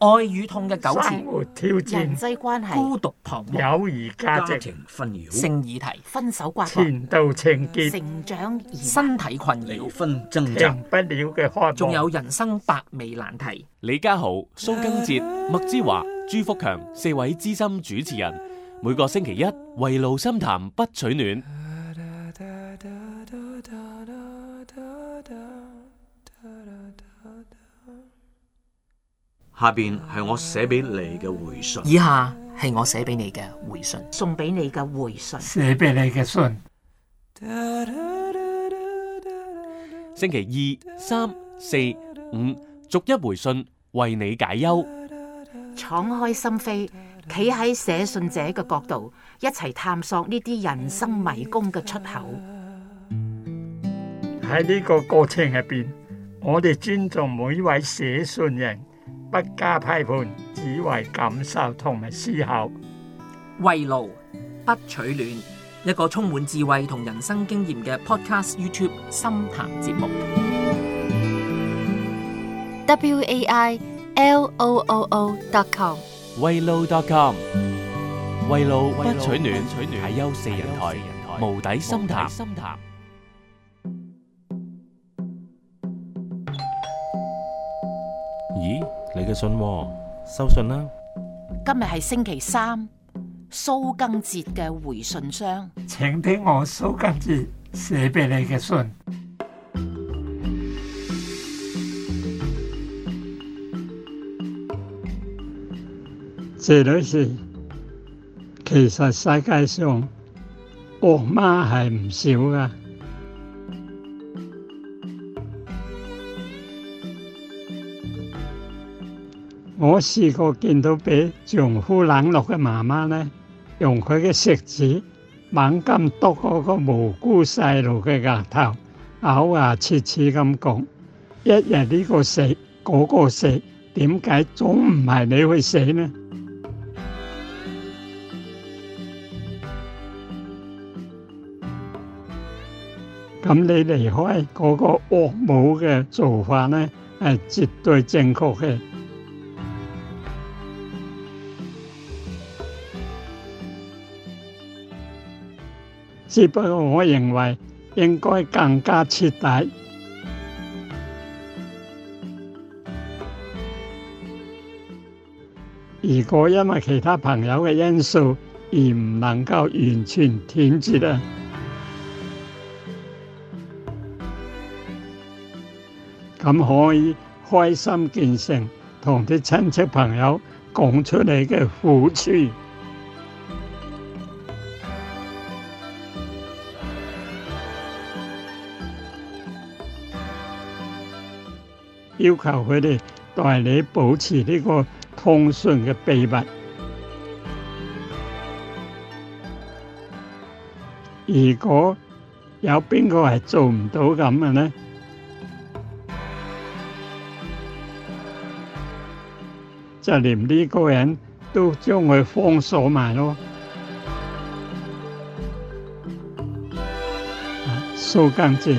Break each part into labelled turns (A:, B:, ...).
A: 愛與痛嘅糾纏，挑戰人際
B: 關係孤獨
A: 彷徨，友誼價值情分紛擾，成議題，
B: 分手瓜葛前
A: 度情結，成
B: 長而
C: 身體困擾，離婚爭執，停不了
B: 嘅開端，仲有人生百味難題。
C: 李家豪、蘇賡哲、麥之華、朱福強四位資深主持人，每個星期一圍爐心談不取暖。下邊係我寫俾你嘅回信。以下
B: 係我寫俾你嘅回信，送俾你嘅回信，寫俾你嘅信。星期二、
C: 三、四、五，逐一回信，為你解憂。
B: 敞開心扉，企喺寫信者嘅角度，一齊探索呢啲人生迷宮嘅出口。
A: 喺呢個過程入邊，我哋尊重每一位寫信人。不加批判，只為感受同埋思考。
B: 圍爐不取暖，一個充滿智慧同人生經驗嘅 Podcast YouTube 深談節目。w a i l o o o dot com
C: 圍爐 dot com 圍爐不取暖，大優四人台無底深談。咦？你嘅信，收信啦！
B: 今日係星期三，蘇賡哲嘅回信箱，
C: 請聽我蘇賡哲寫俾你
A: 嘅信。謝女士，其實世界上惡媽係唔少㗎。我試過見到俾丈夫冷落嘅媽媽咧，用佢嘅食指猛咁督嗰個無辜細路嘅額頭，咬牙切齒咁講：一日呢個死，嗰個死，點解總唔係你去死呢？咁你離開嗰個惡母嘅做法咧，係絕對正確嘅。只不過我認為應該更加徹底。如果因為其他朋友嘅因素而唔能夠完全斷絕啊，咁可以開心見誠同啲親戚朋友講出你嘅苦處。要求佢哋代你保持呢個通訊嘅秘密。如果有邊個係做唔到咁嘅咧，就連呢個人都將佢封鎖埋咯。啊，蘇賡哲。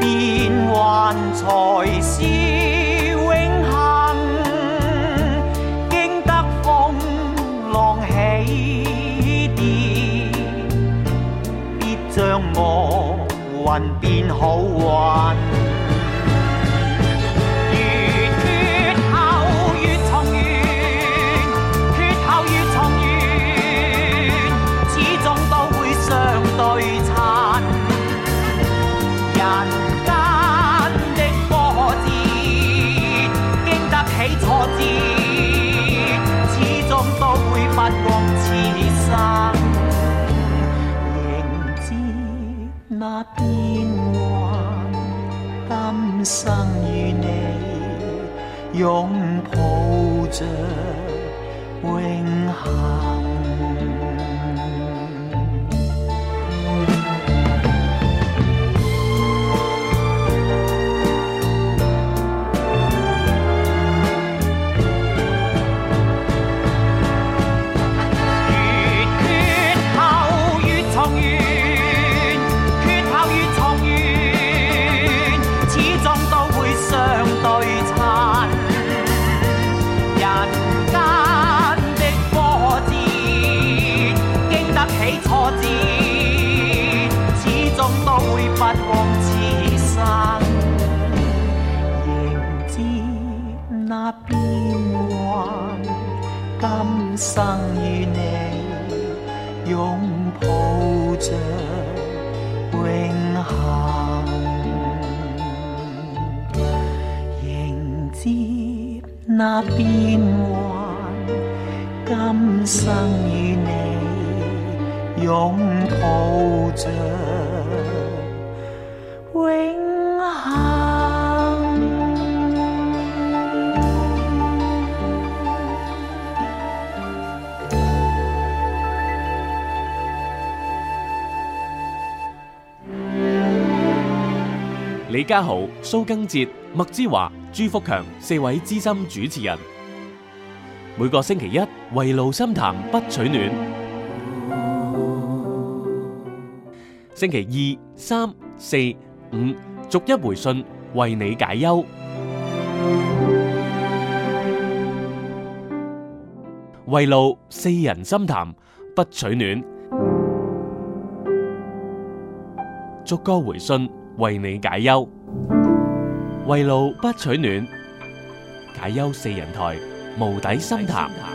B: 變幻才是永恒，經得風浪起跌，必將厄運變好運。不枉此生，仍知，那變幻。今生與你擁抱着，永。迎接那變幻，今生與你擁抱着永恒。迎接那變幻，今生與你擁抱着。
C: 李家豪、蘇賡哲、麥之華、朱福強四位資深主持人，每個星期一圍爐心談不取暖，星期二、三、四、五逐一回信為你解憂，圍爐四人心談不取暖，逐個回信。為你解憂，圍爐不取暖，解憂四人台，無底深潭。